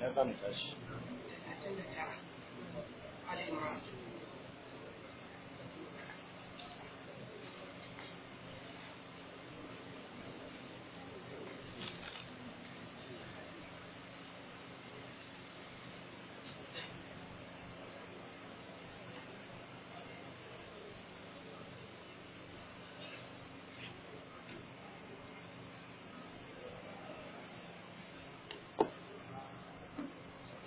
na zamu tashi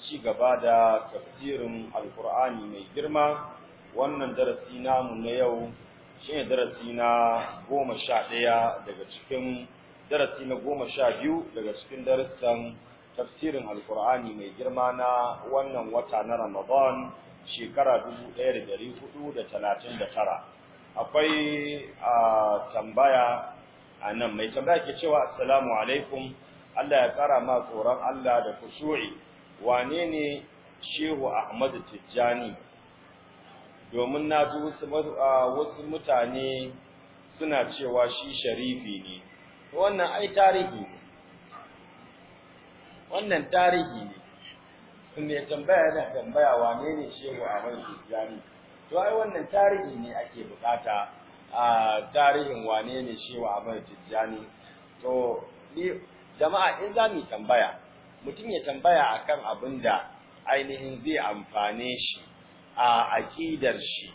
ci gaba da tafsirin alkur'ani mai girma wannan darasi namu na yau shine darasi na goma sha ɗaya daga cikin darasi na goma sha biyu daga cikin darussan tafsirin alkur'ani mai girma na wannan wata na ramadan shekara dubu ɗaya da ɗari hudu da talatin da tara akwai a tambaya a nan mai tambaya ke cewa assalamu alaikum Allah ya ƙara ma tsoron Allah da kushu'i wane ne shehu ahmad tijjani domin na ji wasu mutane suna cewa shi sharifi ne wannan ai tarihi ne wannan tarihi ne mai tambaya yana tambaya wane ne shehu ahmad tijjani to ai wannan tarihi ne ake bukata a tarihin wane ne shehu ahmad tijjani to ni jama'a in za mu tambaya mutum ya tambaya a kan abin da ainihin zai amfane shi a aƙidar shi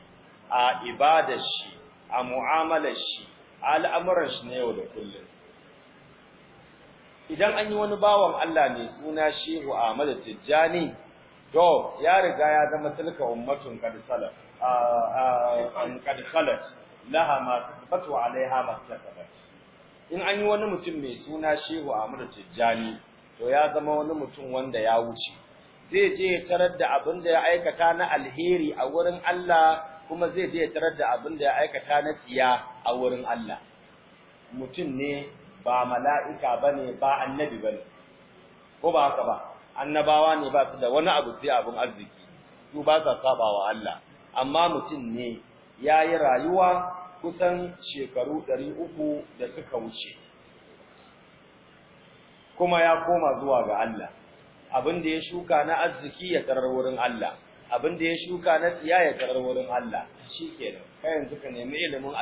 a ibadar shi a mu'amalar shi a al'amuran shi na yau da kullum idan an yi wani bawan Allah mai suna Shehu Ahmad Tijjani to ya riga ya zama tilka ummatun qad salaf an qad khalat laha ma alaiha ma in an yi wani mutum mai suna Shehu Ahmad Tijjani to ya zama wani mutum wanda ya wuce zai je ya tarar da abin da ya aikata na alheri a wurin Allah kuma zai je ya tarar da abin da ya aikata na tsiya a wurin Allah mutum ne ba mala'ika bane ba annabi bane ko ba haka ba annabawa ne ba su da wani abu sai abin arziki su ba sa sabawa Allah amma mutum ne yayi rayuwa kusan shekaru ɗari uku da suka wuce kuma ya koma zuwa ga Allah abin da ya shuka na arziki ya tarar wurin Allah abin da ya shuka na tsiya ya tarar wurin Allah shikenan kai yanzu ka nemi ilimin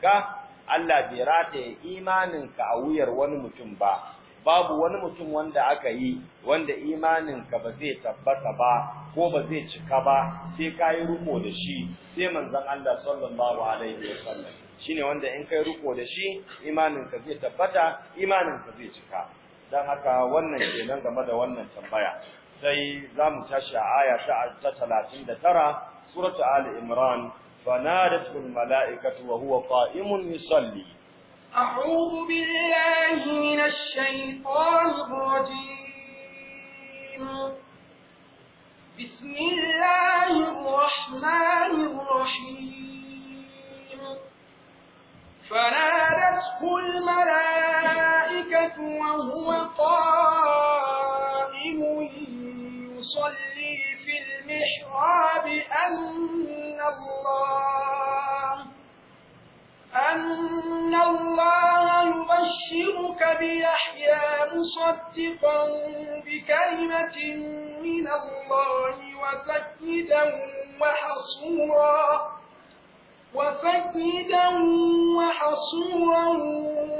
ka Allah bai rataye imaninka a wuyar wani mutum ba babu wani mutum wanda aka yi wanda imaninka ba zai tabbata ba ko ba zai cika ba sai ka yi riko da shi sai manzon Allah sallallahu alaihi wasallam shine wanda in kai riko da shi imaninka zai tabbata imaninka zai cika dan haka wannan kenan game da wannan tambaya sai zamu tashi aya ta 39 suratu ali imran fanadatul malaikatu wa huwa qa'imun yusalli a'udhu billahi minash shaitanir rajim bismillahir rahmanir rahim فنادته الملائكة وهو قائم يصلي في المحراب أن الله أن الله يبشرك بيحيى مصدقا بكلمة من الله وسيدا وحصورا وسيدا وحصورا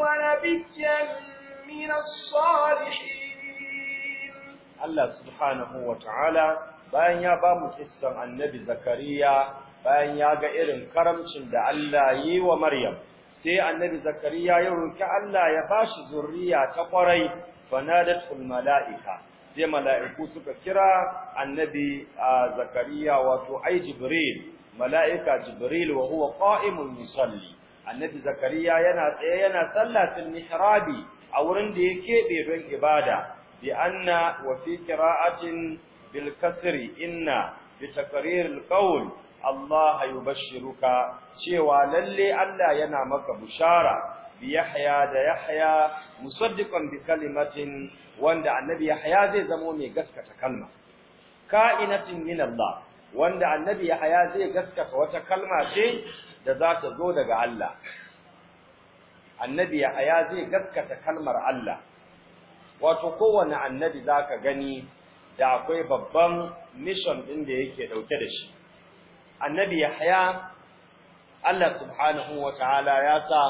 ونبيا من الصالحين الله سبحانه وتعالى bayan ya ba mu kissan annabi zakariya bayan ya ga irin karamcin da Allah yi wa Maryam sai annabi zakariya ya roki Allah ya shi zurriya ta kwarai fanadatul malaika sai mala'iku suka kira annabi zakariya wato ai jibril mala'ika jibril wa huwa qa'imun annabi zakariya yana tsaye yana sallatin mihrabi a wurin da ya keɓe don ibada bi anna wa fi qira'atin bil kasri inna bi taqrir al qawl Allah yubashshiruka cewa lalle Allah yana maka bushara bi Yahya da Yahya musaddiqan bi kalimatin wanda annabi Yahya zai zamo mai gaskata kalma ka'inatin min Allah wanda annabi Yahaya zai gaskata wata kalma ce da za ta zo daga Allah annabi Yahaya zai gaskata kalmar Allah wato kowanne annabi zaka gani da akwai babban mission din da yake dauke da shi annabi Yahaya Allah subhanahu wataala ya sa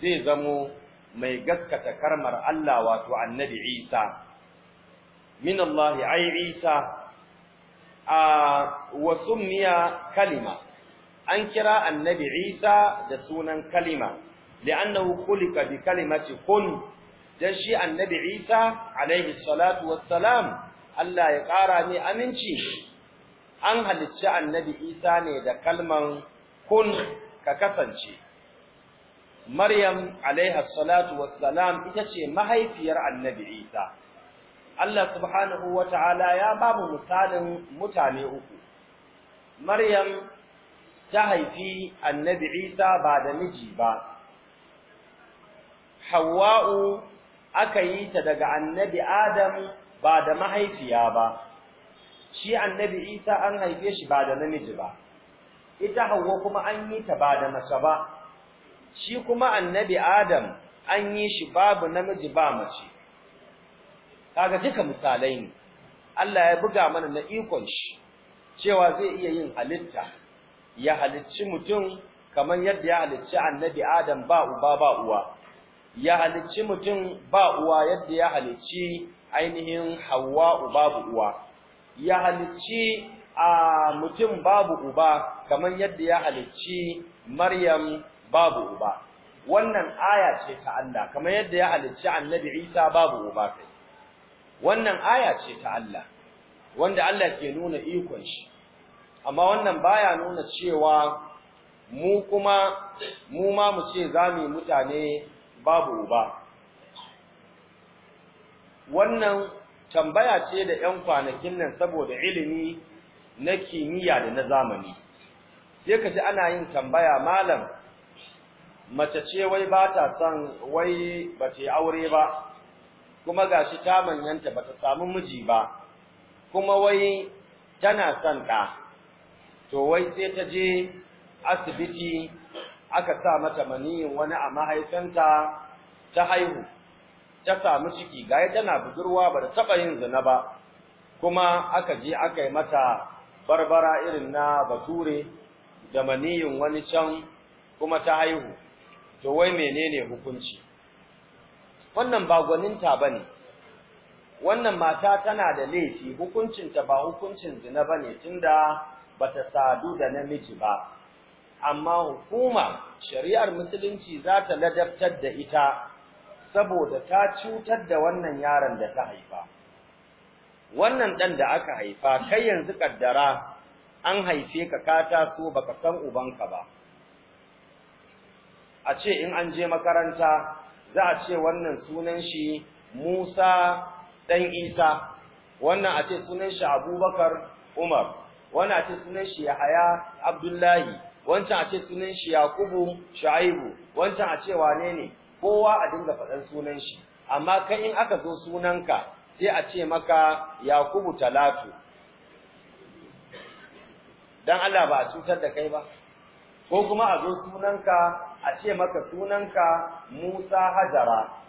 zai zamo mai gaskata karmar Allah wato annabi Isa min Allah ai Isa wasu miya kalima an kira annabi Isa da sunan kalima li'annahu khuliqa bi kalimati kun dan shi annabi Isa alaihi salatu wassalam Allah ya ƙara ne aminci an halicci annabi Isa ne da kalman kun ka kasance Maryam alaiha salatu wassalam ita ce mahaifiyar annabi Isa Allah subhanahu wa ta'ala ya ba mu misalin mutane uku. Maryam ta haifi annabi Isa ba da miji ba. Hawwa'u aka yi ta daga annabi Adam ba da mahaifiya ba. Shi annabi Isa an haife shi ba da namiji ba. Ita Hawwa kuma an yi ta ba da mace ba. Shi kuma annabi Adam an yi shi babu namiji ba mace. kaga duka misalai ne Allah ya buga mana na ikon shi cewa zai iya yin halitta ya halicci mutum kamar yadda ya halicci annabi Adam ba uba ba uwa ya halicci mutum ba uwa yadda ya halicci ainihin Hawwa babu uwa ya halicci a mutum babu uba kamar yadda ya halicci Maryam babu uba wannan aya ce ta Allah kamar yadda ya halicci annabi Isa babu uba kai wannan aya ce ta Allah wanda Allah ke nuna ikon shi amma wannan baya nuna cewa mu kuma mu ma mu ce zamu mutane babu uba wannan tambaya ce da 'yan kwanakin nan saboda ilimi na kimiyya da na zamani sai ka ji ana yin tambaya malam mace ce wai ba ta son wai ba ta aure ba kuma ga shi ta manyanta ba ta samu miji ba kuma wai tana son ɗa to wai sai ta je asibiti aka sa mata maniyin wani a mahaifanta ta haihu ta samu ciki gaya tana budurwa ba da taɓa yin zina ba kuma aka je aka yi mata barbara irin na bature da maniyin wani can kuma ta haihu to wai menene hukunci wannan ba gwaninta ne. wannan mata tana da laifi hukuncinta ba hukuncin zina ba bane ba ta sadu da namiji ba amma hukuma shari'ar musulunci za ta ladabtar da ita saboda ta cutar da wannan yaron da ta haifa wannan ɗan da aka haifa kai yanzu ƙaddara an haife ka ka taso baka san ubanka ba a ce in an je makaranta za a ce wannan sunan shi Musa dan Isa wannan a ce sunan shi Abubakar Umar wannan a ce sunan shi Yahaya Abdullahi wancan a ce sunan shi Yakubu Shu'aibu wancan a ce wane ne kowa a dinga faɗan sunan shi amma kan in aka zo sunanka sai a ce maka Yakubu Talatu dan Allah ba a cutar da kai ba ko kuma a zo sunanka a ce maka sunanka Musa Hajara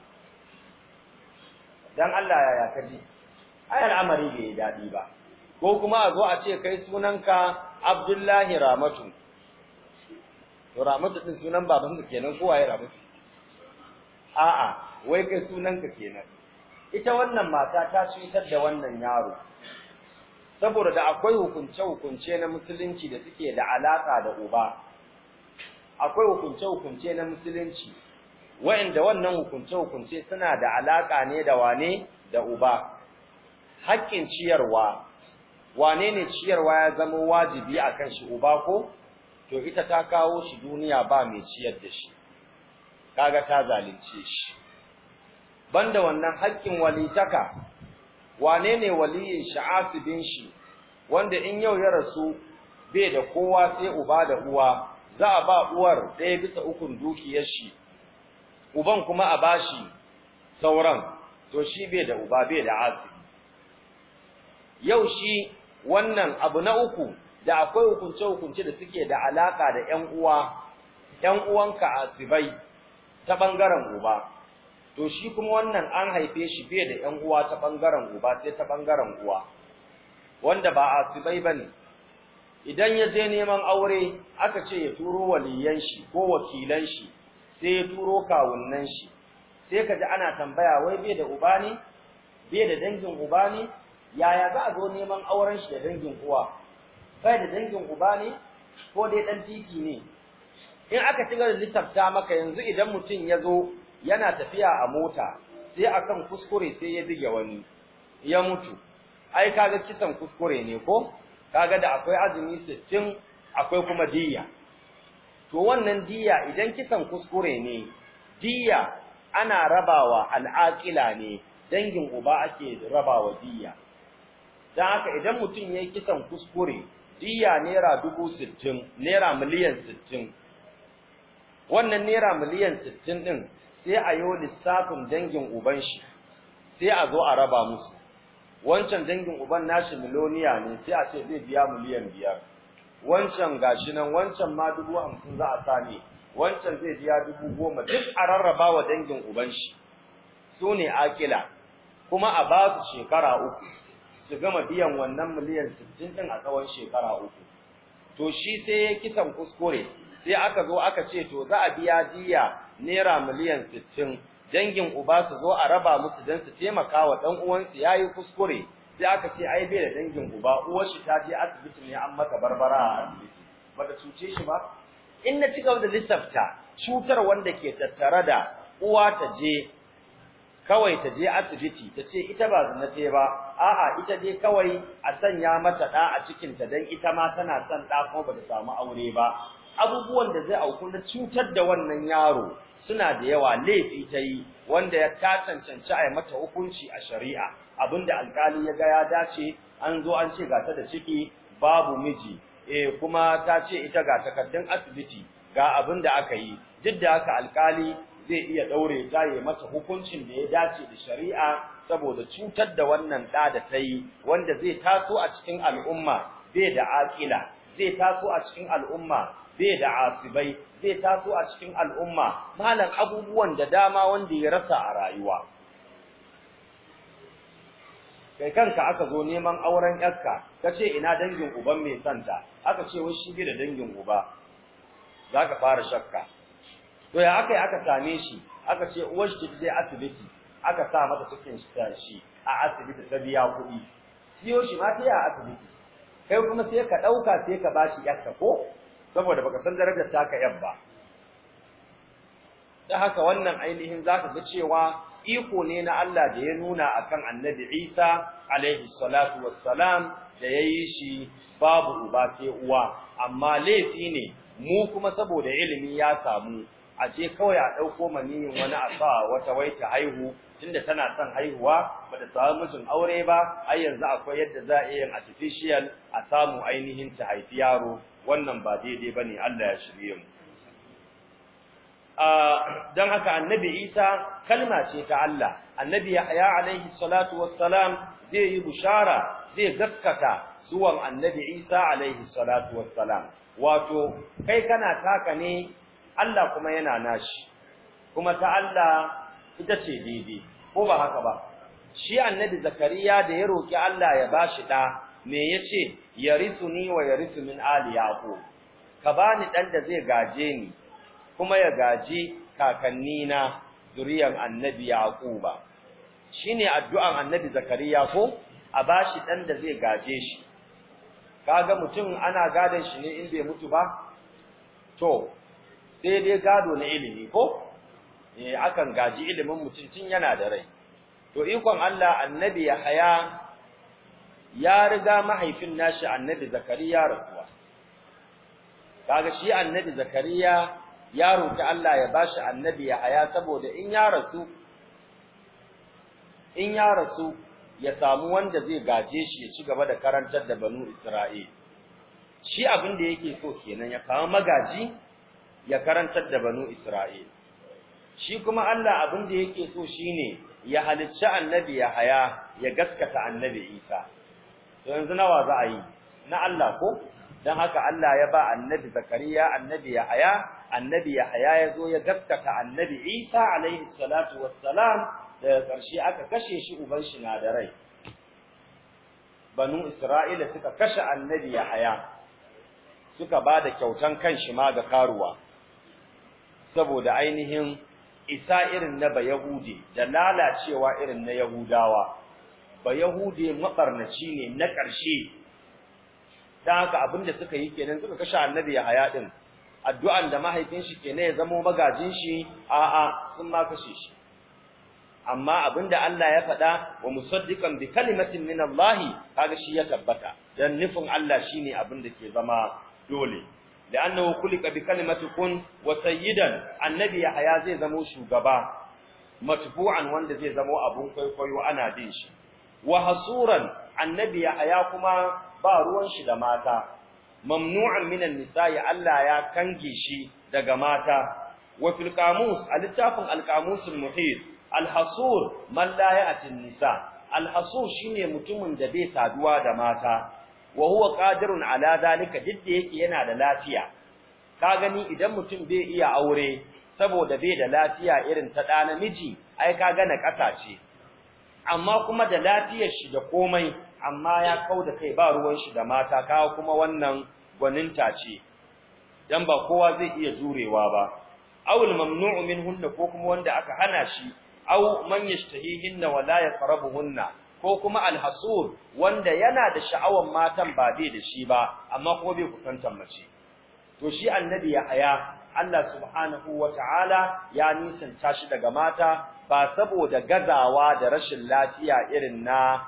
dan Allah ya ka ji ai al'amari bai daɗi ba ko kuma a zo a ce kai sunanka Abdullahi Ramatu to Ramatu din sunan babanka kenan ko waye Ramatu a'a wai kai sunanka kenan ita wannan mata ta cutar da wannan yaro saboda da akwai hukunce hukunce na musulunci da suke da alaka da uba akwai hukunce-hukunce na musulunci wa'anda wannan hukunce-hukunce suna da alaƙa ne da wane da uba haƙƙin ciyarwa wane ne ciyarwa ya zama wajibi akan shi uba ko to ita ta kawo shi duniya ba mai ciyar da shi kaga ta zalunce shi banda wannan haƙƙin walitaka wane ne waliyin shi asibin shi wanda in yau ya rasu bai da kowa sai uba da uwa za a ba uwar ɗaya bisa ukun dukiyar shi uban kuma a bashi sauran to shi bai da uba bai da asibi yau shi wannan abu na uku da akwai hukunce hukunce da suke da alaka da yan uwa yan uwanka asibai ta bangaren uba to shi kuma wannan an haife shi bai da yan uwa ta bangaren uba sai ta bangaren uwa wanda ba asibai bane idan ya je neman aure aka ce ya turo waliyan shi ko wakilan shi sai ya turo kawunnan shi sai ka ji ana tambaya wai bai da uba ne bai da dangin uba ne yaya za a zo neman auren shi da dangin uwa bai da dangin uba ne ko dai dan titi ne in aka ci gaba da lissafta maka yanzu idan mutum ya zo yana tafiya a mota sai akan kuskure sai ya buge wani ya mutu ai kaga kisan kuskure ne ko kaga da akwai azumi sittin akwai kuma diyya. to wannan diya idan kisan kuskure ne diya ana rabawa al'aqila ne dangin uba ake rabawa diyya. dan haka idan mutum yayi kisan kuskure diya naira 60 naira miliyan 60 wannan naira miliyan 60 din sai a yi lissafin dangin uban shi sai a zo a raba musu wancan dangin uban nashi miloniya ne sai a ce zai biya miliyan biyar wancan gashi nan wancan ma dubu hamsin za a ne wancan zai biya dubu goma duk a rarraba wa dangin uban shi su ne akila kuma a ba su shekara uku su gama biyan wannan miliyan sittin ɗin a tsawon shekara uku to shi sai ya kisan kuskure sai aka zo aka ce to za a biya diya naira miliyan sittin dangin uba su zo a raba musu dan su taimaka wa dan uwansu yayi kuskure sai aka ce ai bai da dangin uba uwar shi ta je asibiti ne an mata barbara a asibiti bata cuce shi ba in na ci gaba da lissafta cutar wanda ke tattare da uwa ta je kawai ta je asibiti ta ce ita ba zina ba a'a ita dai kawai a sanya mata da a cikinta, ta dan ita ma tana son da kuma bata samu aure ba abubuwan da zai auku na cutar da wannan yaro suna da yawa laifi ta yi wanda ya ta cancanci a yi mata hukunci a shari'a abinda alkali ya ga ya dace an zo an ce gata da ciki babu miji eh kuma ta ce ita ga takardun asibiti ga abin da aka yi duk da haka alkali zai iya ɗaure ta yi mata hukuncin da ya dace da shari'a saboda cutar da wannan da da ta yi wanda zai taso a cikin al'umma bai da aƙila zai taso a cikin al'umma bai da asibai zai taso a cikin al'umma malan abubuwan da dama wanda ya rasa a rayuwa kai kanka aka zo neman auren yarka kace ina dangin uban mai santa aka ce wai shi da dangin uba zaka fara shakka to ya akai aka same shi aka ce uwar shi ta je asibiti aka sa mata cikin shi a asibiti ta biya kuɗi siyo shi ma ta a asibiti kai kuma sai ka ɗauka sai ka bashi yarka ko saboda baka san darajar taka yan ba da haka wannan ainihin zaka ga cewa iko ne na Allah da ya nuna akan Annabi Isa alaihi salatu wassalam da yayi shi babu uba sai uwa amma laifi ne mu kuma saboda ilimi ya samu a ce kawai a dauko maniyin wani a sa wata waita haihu tunda tana son haihuwa bata samu mijin aure ba ai yanzu akwai yadda za a yi artificial a samu ainihin ta haifi yaro wannan ba daidai ne Allah ya shirye mu dan haka annabi Isa kalma ce ta Allah annabi ya alaihi salatu wassalam zai yi bushara zai gaskata zuwan annabi Isa alaihi salatu wassalam wato kai kana taka ne Allah kuma yana nashi kuma ta Allah ita ce daidai ko ba haka ba shi annabi Zakariya da ya roki Allah ya bashi ɗa. me yace yarisuni wa yarisu min ali yaqub ka bani dan da zai gaje ni kuma ya gaji kakanni na zuriyar annabi yaquba shine addu'an annabi zakariya ko a bashi dan da zai gaje shi kaga mutum ana gadon shi ne in bai mutu ba to sai dai gado na ilimi ko eh akan gaji ilimin mutum tun yana da rai to ikon Allah annabi Yahaya ya riga mahaifin nashi annabi zakariya rasuwa kaga shi annabi zakariya ya roki Allah ya bashi annabi ya haya saboda in ya rasu in ya rasu ya samu wanda zai gaje shi ya ci gaba da karantar da banu Isra'il shi abin da yake so kenan ya kawo magaji ya karantar da banu Isra'il shi kuma Allah abin da yake so shine ya halicci annabi ya haya ya gaskata annabi Isa yanzu nawa za a yi na Allah ko dan haka Allah ya ba annabi Zakariya annabi Yahaya annabi Yahaya ya zo ya gaskata annabi Isa alaihi salatu wassalam da karshe aka kashe shi uban shi na da rai banu Isra'ila suka kashe annabi Yahaya suka ba da kyautan kanshi ma ga karuwa saboda ainihin isa irin na Bayahudi da lalacewa irin na Yahudawa ba yahude mabarnaci ne na ƙarshe dan haka abinda suka yi kenan suka kashe annabi Yahaya din addu'an da mahaifin shi kenan ya zamo magajin shi a'a sun ma kashe shi amma abinda Allah ya faɗa wa musaddiqan bi kalimatin min Allah kaga shi ya tabbata dan nufin Allah shine abinda ke zama dole la'annahu kulika bi kalimati kun wa sayyidan annabi Yahaya zai zamo shugaba matbu'an wanda zai zamo abun kwaikwayo ana bin shi wa hasuran annabi aya kuma ba ruwan shi da mata mamnu'an minan nisa'i Allah ya kange shi daga mata wa fil qamus littafin al-qamusul muhit mallaya a man la ya'ti nisa alhasur shine mutumin da bai saduwa da mata wa huwa qadirun ala zalika didda yake yana da lafiya ka gani idan mutum bai iya aure saboda bai da lafiya irin ta da namiji ai ka gane kasace amma kuma da lafiyar shi da komai amma ya kau da kai ba ruwan shi da mata kawo kuma wannan gwaninta ce dan ba kowa zai iya jurewa ba awul mamnu'u hunna ko kuma wanda aka hana shi aw man yashtahihinna wala la yaqrabuhunna ko kuma alhasur wanda yana da sha'awan matan ba bai da shi ba amma ko bai kusantar mace to shi annabi ya haya Allah subhanahu wata'ala ya nisanta shi daga mata ba saboda gazawa da rashin lafiya irin na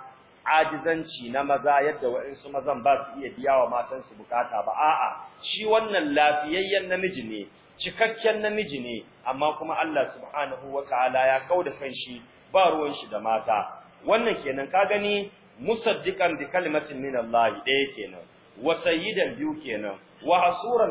ajizanci na maza yadda waɗansu mazan ba su iya biya wa matansu bukata ba a'a shi wannan lafiyayyen namiji ne cikakken namiji ne amma kuma Allah subhanahu ta'ala ya kauda kanshi ba ruwan shi da mata wannan kenan ka gani musaddiqan bi kalimatin minallahi ɗaya kenan wa sayyidan biyu kenan wa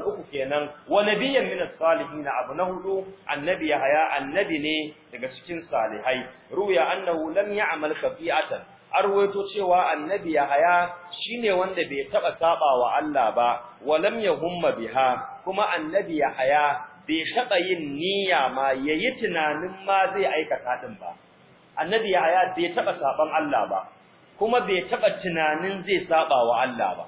uku kenan wa nabiyyan min as-salihin abu na hudu annabi Yahaya annabi ne daga cikin salihai ruya annahu lam ya'mal khati'atan arwaito cewa annabi yahya shine wanda bai taba saba wa Allah ba wa lam yahumma biha kuma annabi yahya bai taba yin niyya ma yayi tunanin ma zai aikata din ba annabi Yahaya bai taba saban Allah ba kuma bai taba tunanin zai saba wa Allah ba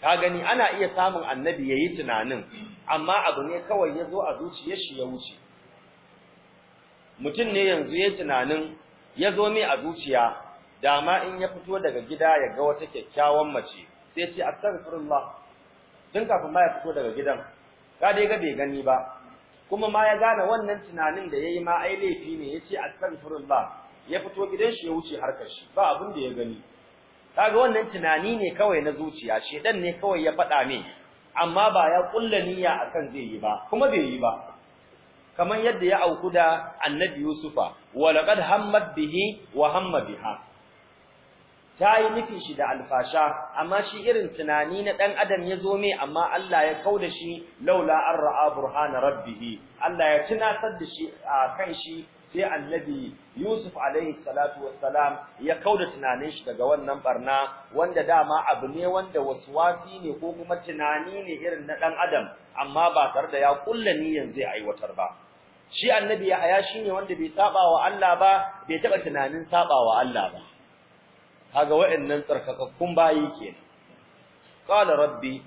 ka gani ana iya samun annabi yayi tunanin amma abu ne kawai yazo a zuciyar shi ya wuce mutum ne yanzu ya tunanin yazo mai a zuciya dama in ya fito daga gida ya ga wata kyakkyawan mace sai ce astaghfirullah tun kafin ma ya fito daga gidan ka dai ga bai gani ba kuma ma ya gane wannan tunanin da yayi ma ai laifi ne ya yace astaghfirullah ya fito gidan shi ya wuce harkar shi ba abin da ya gani kaga wannan tunani ne kawai na zuciya shedan ne kawai ya faɗa min amma ba ya kulla niyya akan zai yi ba kuma bai yi ba kamar yadda ya auku da annabi yusufa wa laqad hammat bihi wa hamma biha ta yi nufin shi da alfasha amma shi irin tunani na dan adam ya zo mai amma Allah ya kauda shi laula an ra'a burhana rabbihi Allah ya tunatar da shi kan shi sai annabi Yusuf alaihi salatu wassalam ya kauda tunanin shi daga wannan barna wanda dama abu ne wanda waswasi ne ko kuma tunani ne irin na dan adam amma ba tare da ya kulla yanzu zai aiwatar ba shi annabi shi shine wanda bai saba wa Allah ba bai taba tunanin saba wa Allah ba kaga wa'annan tsarkakakkun bayi kenan qala rabbi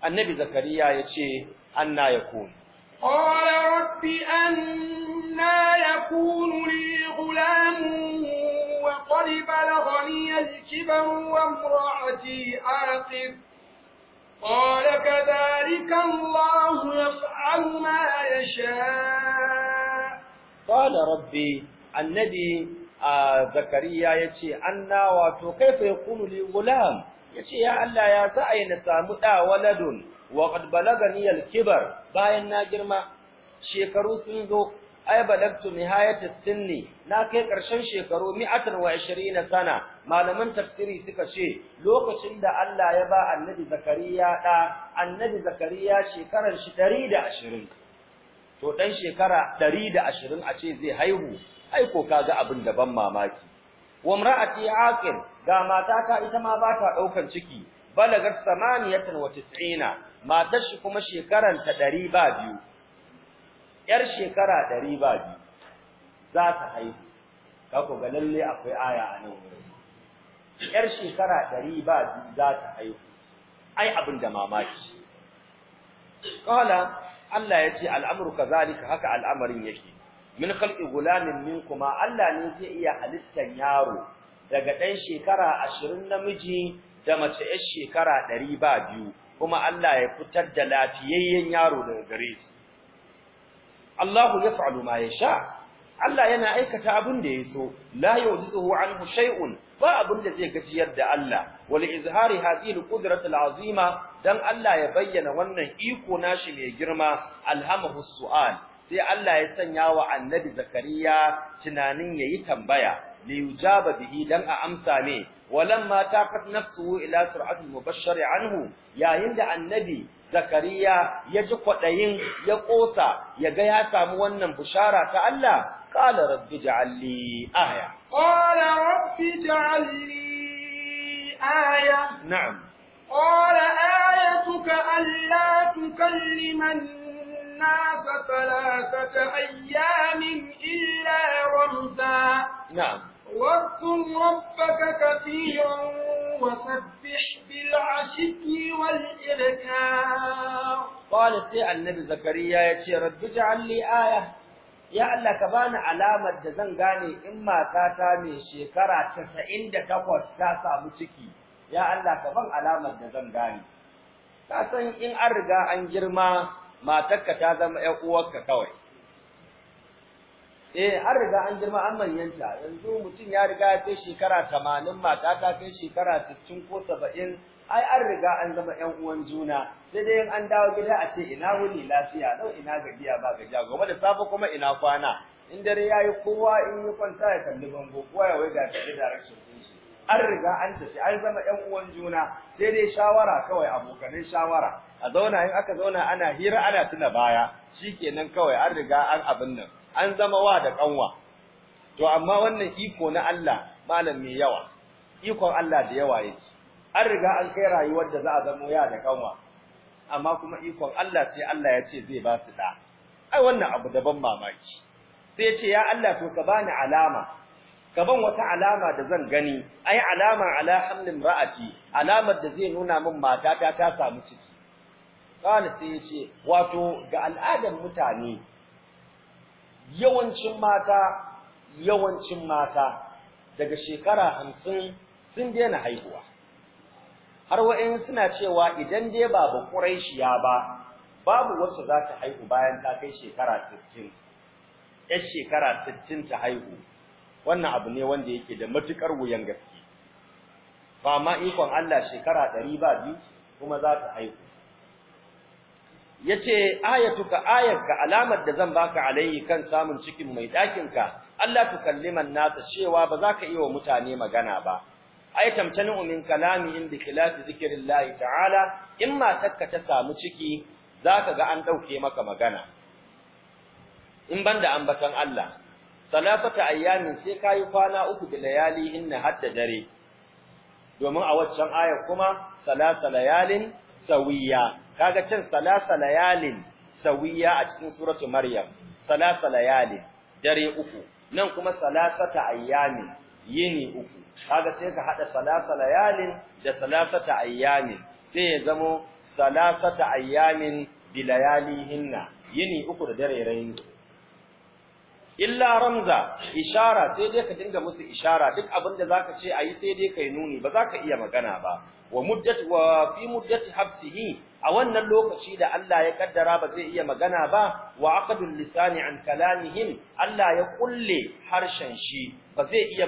annabi zakariya yace anna yakun قال رب أنا يكون لي غلام وقد بلغني الكبر وامرأتي آقر قال كذلك الله يفعل ما يشاء قال ربي النبي آه زكريا يشي أنا وكيف يكون لي غلام يشي يا الله يا زعين سامو آه، ولد wa balaga balagani al-kibar bayan na girma shekaru sun zo ay balagtu nihayata sinni na kai karshen shekaru 120 sana malaman tafsiri suka ce lokacin da Allah ya ba annabi zakariya da annabi zakariya shekaran shi 120 to dan shekara 120 a ce zai haihu ai ko kaga abin da ban mamaki wa mar'ati aqil ga matata ita ma ba ta daukan ciki balagat 98 matar shi kuma shekaran ta 200 yar shekara 200 za ta haihu kako ga lalle akwai aya a nan wurin yar shekara 200 za ta haihu ai abin da mamaki qala Allah ya yace al'amru kazalika haka al'amarin yake min khalqi gulamin minkuma Allah ne zai iya halittan yaro daga ɗan shekara 20 namiji da mace yar shekara ɗari ba biyu kuma Allah ya fitar da lafiyayyen yaro daga gare su Allahu yaf'alu ma sha! Allah yana aikata abin da ya so la yuzihu anhu shay'un ba abin da zai gajiyar da Allah wal izhari hadhihi alqudrat alazima don Allah ya bayyana wannan iko nashi mai girma alhamahu su'al sai Allah ya sanya wa annabi zakariya tunanin yayi tambaya li yujaba bihi dan a amsa ne walamma taqat nafsuhu ila sur'atil mubashshar anhu yayin da annabi zakariya ya ji kwaɗayin ya ƙosa ya ga ya samu wannan bushara ta Allah qala rabbi ja'alli aya qala rabbi ja'alli aya na'am قال آيتك ألا تكلم الناس ثلاثة أيام إلا رمزا نعم واذكر ربك كثيرا وسبح بالعشي والإبكار قال سي النبي زكريا يا رب اجعل لي آية ya Allah ka bani alamar da zan gane in matata mai shekara casa'in da 98 ta samu ciki ya Allah ka ban alamar da zan gane ka san in an riga an girma matarka ta zama ƴan uwarka kawai eh an riga an girma an manyanta yanzu mutum ya riga ya kai shekara tamanin mata ta kai shekara sittin ko saba'in ai an riga an zama ƴan uwan juna sai dai an dawo gida a ce ina wuni lafiya lau ina gajiya ba gajiya gobe da safe kuma ina kwana in dare yayi kowa in yi kwanta ya kalli bango kowa ya waiga ta da rashin kunshi an riga an tafi an zama ƴan uwan juna sai dai shawara kawai abokanin shawara a zauna in aka zauna ana hira ana tuna baya shikenan kawai an riga an abin nan an zama wa da kanwa to amma wannan iko na Allah malam mai yawa ikon Allah da yawa yake an riga an kai rayuwar da za a zama ya da kanwa amma kuma ikon Allah sai Allah ya ce zai ba su da ai wannan abu daban mamaki sai ya ce ya Allah to ka bani alama ka ban wata alama da zan gani ai alama ala hamlin ra'ati alamar da zai nuna min matata ta samu ciki kana sai ya ce wato ga al'adar mutane yawancin mata yawancin mata daga shekara hamsin sun daina haihuwa har wa'in suna cewa idan dai ba babu ƙuraishiya ba babu wacce za ta haihu bayan ta kai shekara 60 yar shekara 60 ta haihu wannan abu ne wanda yake da matukar wuyan gaske ba ma ikon Allah shekara ɗari ba biyu kuma za ta haihu yace ayatuka ayarka alamar da zan baka alai kan samun cikin mai dakin ka Allah tukalliman nasa cewa ba za ka iya wa mutane magana ba ay tamtanin min kalami in khilaf zikrillah ta'ala in takka ta samu ciki zaka ga an dauke maka magana in banda ambatan Allah salafata ayyamin sai kai kwana uku da layali inna hadda dare domin a waccan ayar kuma salasa layalin sawiya kaga cin salasa layalin sawiya a cikin suratu maryam salasa layalin dare uku nan kuma salasata ayyamin yini uku kaga sai ka hada salasa layalin da salasata ayyamin sai ya zamo salasata ayyamin bilayalihinna yini uku da dare rayin illa ramza ishara sai dai ka dinga musu ishara duk abin da zaka ce ayi sai dai kai nuni ba ka iya magana ba wa muddat wa fi muddat habsihi a wannan lokaci da Allah ya kaddara ba zai iya magana ba wa aqdul lisani an kalamihim Allah ya kulle harshen shi ba zai iya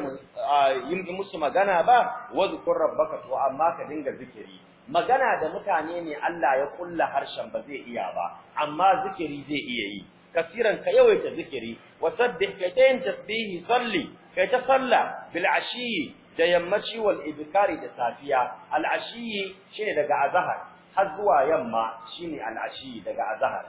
yin musu magana ba wa zkur rabbaka to amma ka dinga zikiri magana da mutane ne Allah ya kulle harshen ba zai iya ba amma zikiri zai iya yi kasiran ka yawaita zikiri wa sabbih ka tayin tasbihi salli kai ta salla bil ashi da yammaci wal ibkari da safiya al ashi shine daga azhar har zuwa yamma shine al'ashi daga azhar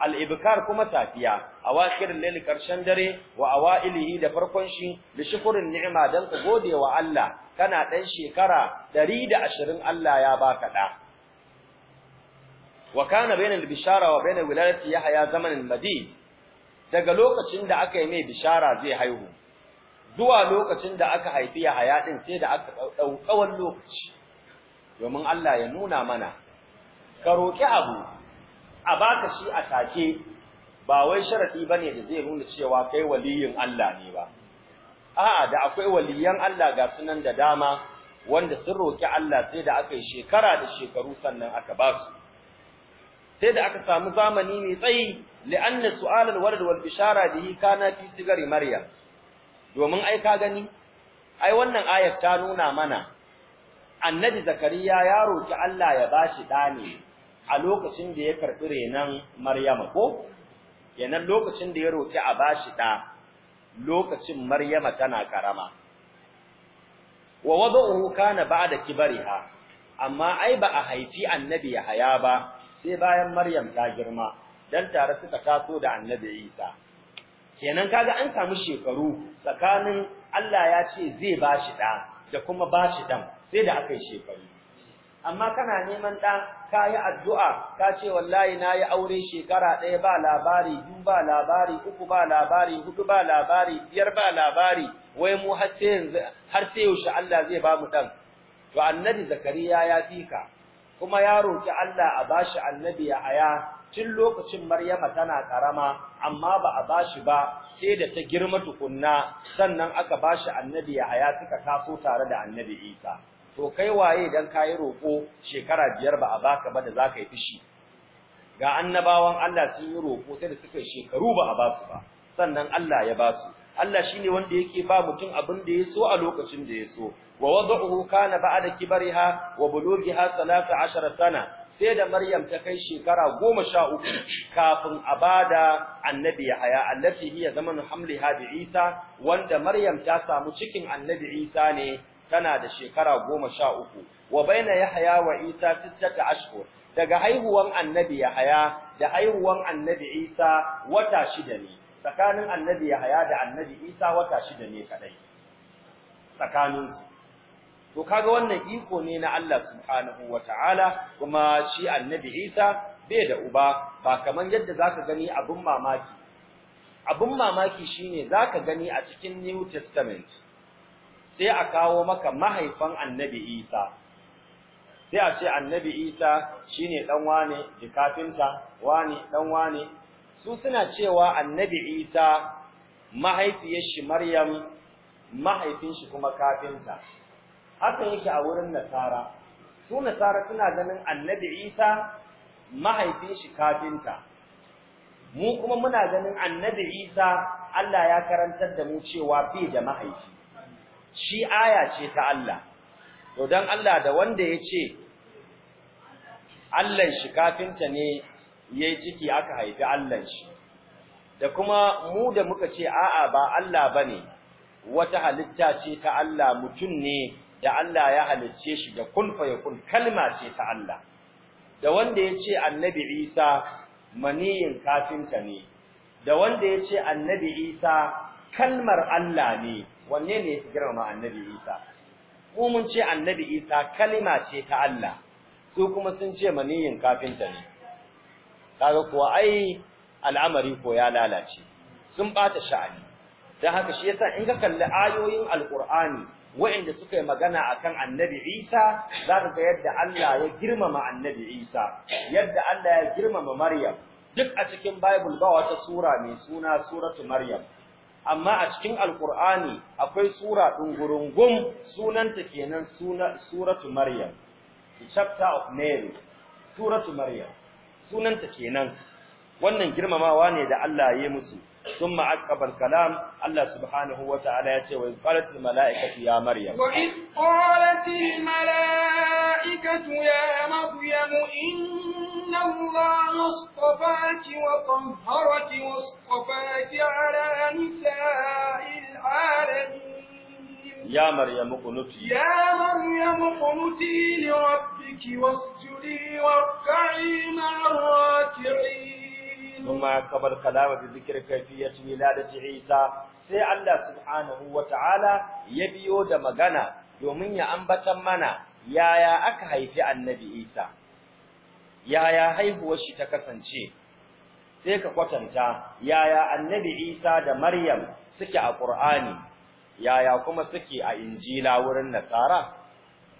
al-ibkar kuma safiya a al-layl karshen dare wa awailihi da farkon shi da shukurin ni'ima dan ka gode Allah kana dan shekara 120 Allah ya baka da wa kana bainal bishara wa bainal wilayati yahya zamanin madid daga lokacin da aka yi mai bishara zai haihu zuwa lokacin da aka haifi yahya din sai da aka dau tsawon lokaci domin Allah ya nuna mana ka roki abu a baka shi a take ba wai sharadi bane da zai nuna cewa kai waliyin Allah ne ba a'a da akwai waliyan Allah ga sunan da dama wanda sun roƙi Allah sai da aka yi shekara da shekaru sannan aka ba su sai da aka samu zamani mai tsayi li'anna su'al al-walad wal bishara bihi kana fi sigari maryam domin aika gani ai wannan ayat ta nuna mana annabi zakariya ya roƙi Allah ya bashi da ne a lokacin da ya karɓi renon Maryama ko yanar lokacin da ya roki a bashi ɗa lokacin Maryama tana karama wa wada'uhu kana ba'da ha, amma ai ba a haifi annabi ya haya ba sai bayan Maryam ta girma don tare suka taso da annabi Isa kenan kaga an samu shekaru tsakanin Allah ya ce zai bashi ɗa da kuma bashi ɗan, sai da aka yi shekaru amma kana neman ɗa ka yi addu'a ka ce wallahi na yi aure shekara ɗaya ba labari biyu ba labari uku ba labari hudu ba labari biyar ba labari wai mu har sai yanzu har sai yaushe Allah zai ba mu ɗan to annabi zakariya ya fi kuma ya roki Allah a bashi annabi ya aya tun lokacin Maryama tana karama amma ba a bashi ba sai da ta girma tukunna sannan aka bashi annabi ya aya suka taso tare da annabi Isa to kai waye dan kai roko shekara biyar ba a baka ba da zaka yi fishi ga annabawan Allah sun yi roko sai da suka shekaru ba a basu ba sannan Allah ya basu Allah shine wanda yake ba mutum abin da ya so a lokacin da ya so wa wad'uhu kana ba'da kibariha wa bulughiha 13 sana sai da Maryam ta kai shekara 13 kafin abada annabi Yahya allati hiya zamanu hamliha bi Isa wanda Maryam ta samu cikin annabi Isa ne tana da shekara goma sha uku wa baina yahya wa isa sittata ashhur daga haihuwan annabi yahya da haihuwan annabi isa wata shida ne tsakanin annabi yahya da annabi isa wata shida ne kadai tsakanin to kaga wannan iko ne na Allah subhanahu ta'ala kuma shi annabi isa bai da uba ba kaman yadda zaka gani abun mamaki abun mamaki shine zaka gani a cikin new testament sai a kawo maka mahaifan annabi isa sai a ce annabi isa shine dan wane jikafinta wane dan wane su suna cewa annabi isa mahaifiyar shi maryam mahaifin shi kuma kafinta haka yake a wurin nasara su nasara suna ganin annabi isa mahaifin shi kafinta mu kuma muna ganin annabi isa Allah ya karantar da mu cewa bai da mahaifi shi aya ce ta Allah to dan Allah da wanda yace Allah shi kafinta ne yayi ciki aka haifi Allah shi da kuma mu da muka ce a'a ba Allah bane wata halitta ce ta Allah mutum ne da Allah ya halicce shi da kun yakun kalma ce ta Allah da wanda yace annabi Isa maniyin kafinta ne da wanda yace annabi Isa kalmar Allah ne wanne ne yake girmama annabi Isa ko mun ce annabi Isa kalima ce ta Allah su kuma sun ce maniyin kafinta ne kaga kuwa ai al'amari ko ya lalace sun bata sha'ani dan haka shi yasa in ka kalli ayoyin alqur'ani waɗanda suka yi magana akan annabi Isa za ka ga yadda Allah ya girmama annabi Isa yadda Allah ya girmama Maryam duk a cikin Bible ba wata sura mai suna suratu Maryam amma a cikin alkur'ani akwai sura ɗungurungun sunanta kenan suna suratu maryam the chapter of mary suratu maryam sunanta kenan wannan girmamawa ne da Allah ya yi musu ثم عقب الكلام الله سبحانه وتعالى يتي وإذ قالت الملائكة يا مريم وإذ قالت الملائكة يا مريم إن إن الله اصطفاك وطهرك واصطفاك على نساء العالمين يا مريم قنوتي يا مريم قنوتي لربك واسجدي واركعي مع الراكعين ثم قبل كلامه بذكر كيفية ولادة عيسى sai Allah subhanahu wataala ya biyo da magana domin ya ambatan mana yaya aka haifi annabi Isa yaya haihuwar shi ta kasance sai ka kwatanta yaya annabi Isa da Maryam suke a Qur'ani yaya kuma suke a Injila wurin Nasara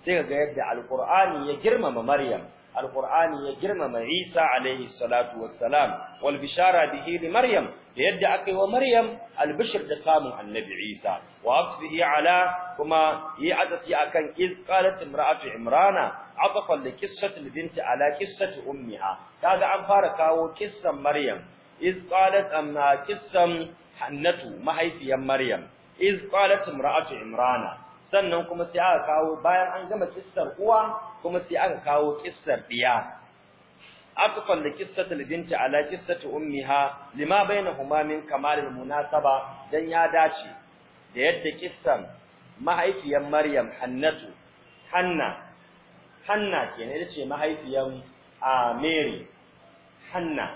sai ka ga yadda Al-Qur'ani ya girmama Maryam Al-Qur'ani ya girmama Isa alayhi salatu wassalam wal bishara bihi li Maryam da yadda aka yi wa Maryam al albishir da samun annabi Isa wa afsihi ala kuma yi azati akan iz qalat imra'atu imrana abafan da qissatul binti ala qissati ummiha kaga an fara kawo kissan maryam iz qalat amma kissan hannatu mahaifiyar maryam iz qalat imra'atu imrana sannan kuma sai aka kawo bayan an gama kissar uwa kuma sai aka kawo kissar biya. atfal da kissata binti ala qissati ummiha lima bainahuma min kamalil munasaba dan ya dace da yadda kissan mahaifiyar maryam hannatu hanna Hanna kenan ita ce mahaifiyar a Mary Hanna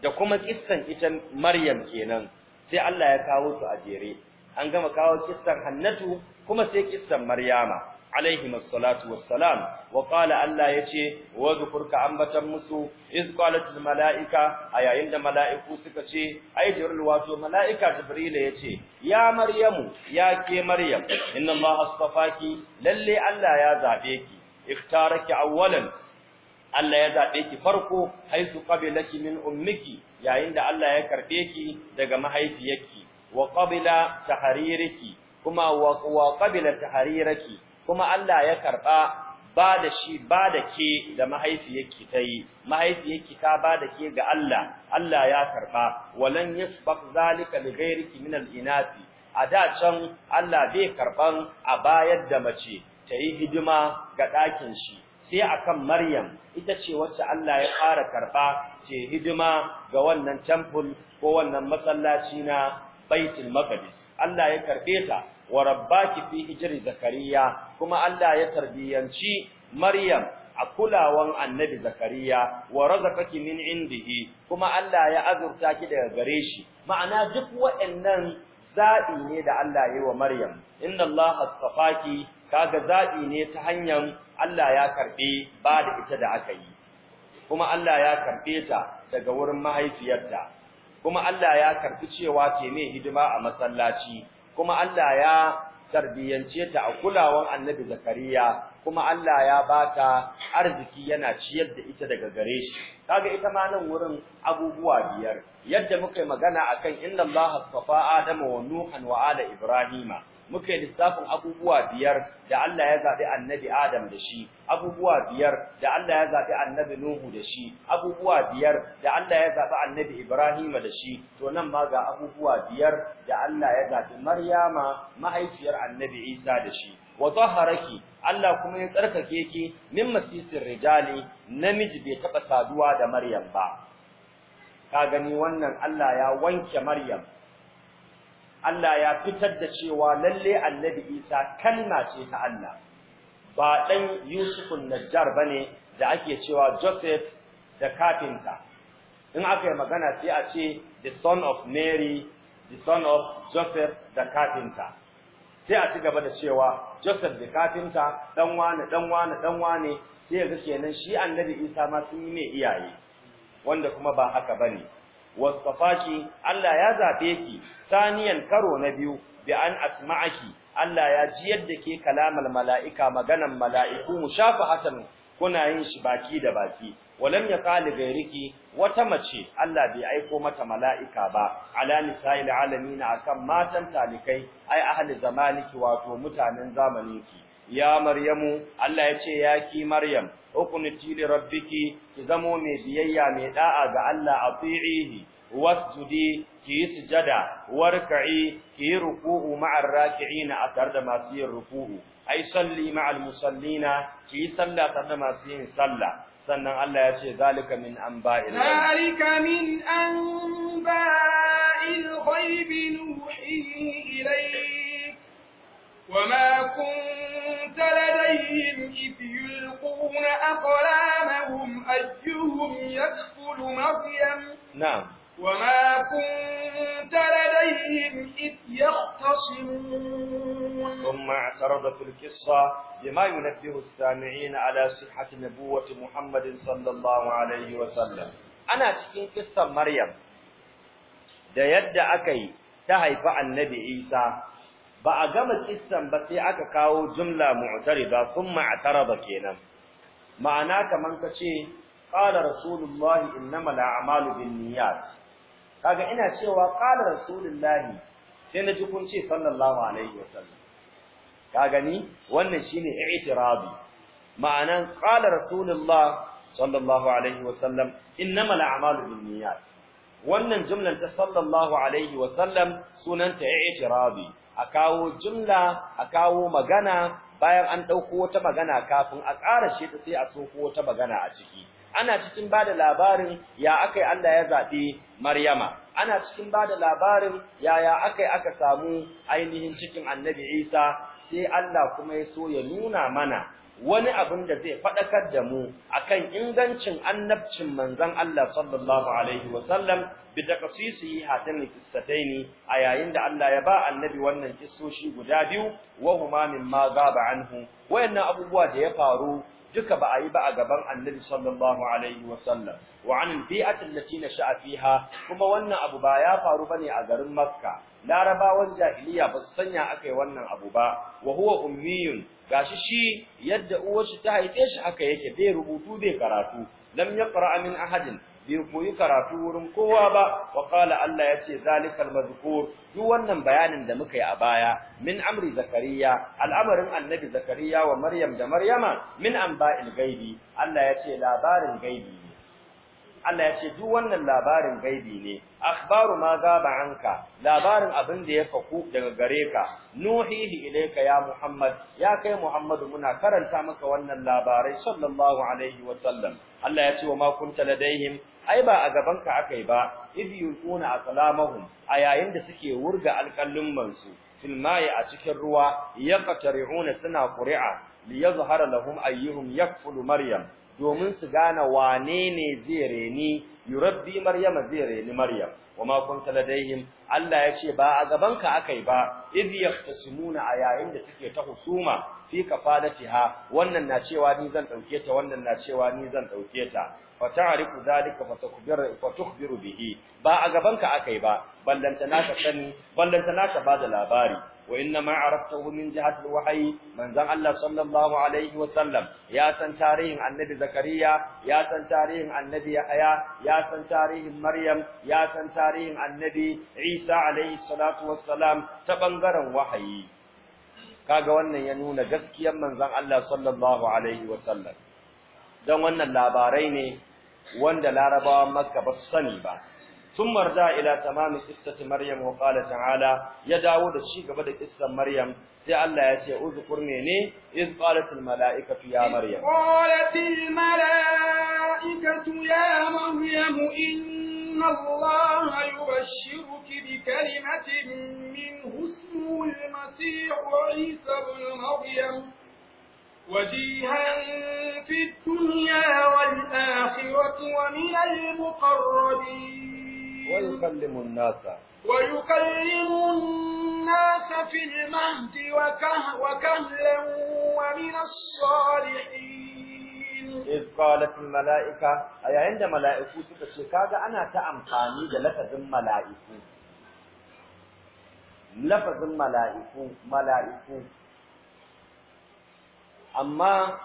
da kuma kissan ita Maryam kenan sai Allah ya kawo su a jere an gama kawo kissan Hannatu kuma sai kissan Maryama alaihi masalatu wassalam wa qala Allah yace wa zkurka ambatan musu iz qalat al malaika yayin da malaiku suka ce ai jibril wato malaika jibril yace ya maryamu ya ke maryam inna Allah astafaki lalle Allah ya zabe ki ikhtaraki awwalan Allah ya zabe ki farko haisu qabilaki min ummiki yayin da Allah ya karɓe ki daga mahaifiyarki wa qabila tahririki kuma wa qabila tahriraki kuma Allah ya karɓa, ba da shi ba da ke da mahaifiyarki ta yi mahaifiyarki ta ba da ke ga Allah Allah ya karɓa, walan yasbaq zalika li ghayriki min al-inati a da can Allah bai karɓan a bayar da mace ta yi hidima ga ɗakin shi sai akan Maryam ita ce wacce Allah ya fara karba ce hidima ga wannan temple ko wannan masallaci na Baitul Maqdis Allah ya karbe ta wa rabbaki fi hijri Zakariya kuma Allah ya tarbiyanci Maryam a kulawan Annabi Zakariya wa razaqaki min indihi kuma Allah ya azurta ki daga gare shi ma'ana duk waɗannan zabi ne da Allah ya yi wa Maryam inna Allah astafaki kaga zabi ne ta hanyar Allah ya karbe ba da ita da aka yi kuma Allah ya karbe ta daga wurin mahaifiyarta kuma Allah ya karbi cewa ce mai hidima a masallaci kuma Allah ya tarbiyance ta a kulawan Annabi Zakariya kuma Allah ya bata arziki yana ciyar da ita daga gare shi kaga ita ma nan wurin abubuwa biyar yadda muka yi magana akan inna Allah astafa Adama wa Nuhan wa ala Ibrahima muka yi lissafin abubuwa biyar da Allah ya zaɓi annabi Adam da shi, abubuwa biyar da Allah ya zaɓi annabi Nuhu da shi, abubuwa biyar da Allah ya zaɓi annabi Ibrahim da shi, to nan ma ga abubuwa biyar da Allah ya zaɓi Maryama mahaifiyar annabi Isa da shi. Wa haraki, Allah kuma ya tsarkake ki min masisin rijali namiji bai taɓa saduwa da Maryam ba. Ka gani wannan Allah ya wanke Maryam Allah ya fitar da cewa lalle annabi Isa kalma ce ta Allah ba dan Yusufun Najjar bane da ake cewa Joseph da kafinta in aka yi magana sai a ce the son of Mary the son of Joseph da kafinta sai a ci gaba da cewa Joseph da kafinta dan wani dan wani dan wani sai ga kenan shi annabi Isa ma sun yi mai iyaye wanda kuma ba haka bane wasfafaki Allah ya zabe ki saniyan karo na biyu bi an asma'aki Allah ya ji yadda ke kalamal mala'ika maganan mala'iku mushafahatan kuna yin shi baki da baki walam qali gairiki wata mace Allah bai aiko mata mala'ika ba ala nisa'il alamin akan matan talikai ai ahli zamaniki wato mutanen zamaninki ya maryamu Allah ya ce ya ki maryam uqnuti li rabbiki ki zamo mai biyayya mai da'a ga Allah atiihi wasjudi ki yi sujada warka'i ki yi ruku'u ma'ar raki'ina a tare da masu yin ruku'u ai salli ma'al musallina ki yi sallah tare da masu yin sallah sannan Allah ya ce zalika min anba'il zalika min anba'il ghaibi nuhihi ilai wa ma kunta كنت لديهم إذ يلقون أقلامهم أيهم يكفل مريم نعم وما كنت لديهم إذ يختصمون ثم اعترضت القصة بما ينبه السامعين على صحة نبوة محمد صلى الله عليه وسلم أنا cikin قصة مريم da yadda aka yi ta haifi annabi Isa ba a gama kissan ba sai aka kawo jumla mu'tarida thumma atarada kenan ma'ana kaman kace qala rasulullah innamal a'malu binniyat kaga ina cewa qala rasulullah sai na ji kun ce sallallahu alaihi wasallam kaga ni wannan shine i'tirabi Ma'ana qala rasulullahi, sallallahu alaihi wasallam innamal a'malu binniyat wannan jumlan ta sallallahu alaihi wasallam sunanta i'tirabi a kawo jumla a kawo magana bayan an ɗauko wata magana kafin a ƙara shi ta sai a soko wata magana a ciki ana cikin bada labarin ya akai Allah ya zaɓi Maryama ana cikin bada labarin ya ya akai aka samu ainihin cikin Annabi Isa sai Allah kuma ya so ya nuna mana wani abin da zai faɗakar da mu akan ingancin annabcin manzon Allah sallallahu alaihi wasallam bi taqsisi hatan qissataini a yayin da Allah ya ba annabi wannan kissoshi guda biyu wa huma mimma gaba anhu wayannan abubuwa da ya faru duka ba a yi ba a gaban annabi sallallahu alaihi wasallam wa an bi'at allati nasha'a fiha kuma wannan abu ba ya faru bane a garin makka larabawan jahiliya ba su sanya yi wannan abu ba wa huwa ummiyun gashi shi yadda uwarsu ta haife shi haka yake bai rubutu bai karatu lam yaqra min ahadin bai koyi karatu wurin kowa ba wa qala Allah yace zalikal mazkur duk wannan bayanin da muka yi a baya min amri zakariya al'amarin annabi zakariya wa maryam da maryama min anba'il gaibi Allah yace labarin gaibi Allah yace duk wannan labarin gaibi ne akhbaru ma gaba anka labarin abin da ya faku daga gare ka nuhihi ilayka ya muhammad ya kai muhammad muna karanta maka wannan labarai sallallahu alaihi wa sallam Allah ya ce wa ma kunta ladaihim ai ba a gaban ka akai ba idh yuquna aqlamahum a yayin da suke wurga alqallun mansu fil ma'i a cikin ruwa yaqtari'una suna qur'a liyazhara lahum ayyuhum yakfulu maryam domin su gane wane ne zai reni yurabbi maryama zai reni maryam ma kunta ladaihim Allah ya ce ba a gabanka akai ba idh yahtasimuna a yayin da suke ta husuma fi kafalatiha wannan na cewa ni zan dauke ta wannan na cewa ni zan dauke ta fa ta'rifu dalika fa tukhbiru bihi ba a gabanka akai ba ballanta ka sani ballanta ba da labari وإنما عرفته من جهة الوحي من زن الله صلى الله عليه وسلم يا سن تاريخ النبي زكريا يا سن تاريخ النبي يحيى يا سن تاريخ مريم يا سن تاريخ النبي عيسى عليه الصلاة والسلام تبنغرا وحي kaga wannan ya nuna gaskiyar manzon Allah sallallahu alaihi wasallam dan wannan labarai ne wanda larabawan Makka ba su sani ba ثم رجع الى تمام قصه مريم وقال تعالى يا داوود شي gaba da kissan maryam sai Allah ya ce uzkur ne ne iz qalatil malaikatu ya maryam qalatil malaikatu ya maryam inna allaha yubashshiruki bi kalimatin minhu ismuhu al-masih isa ibn maryam وجيها في الدنيا والآخرة ومن المقربين ويكلم الناس ويكلم الناس في المهد وكهلا ومن الصالحين إذ قالت الملائكة أي عند ملائكة ستة سكشكاغا أنا تأمقاني لفظ الملائكة لفظ الملائكة ملائكة أما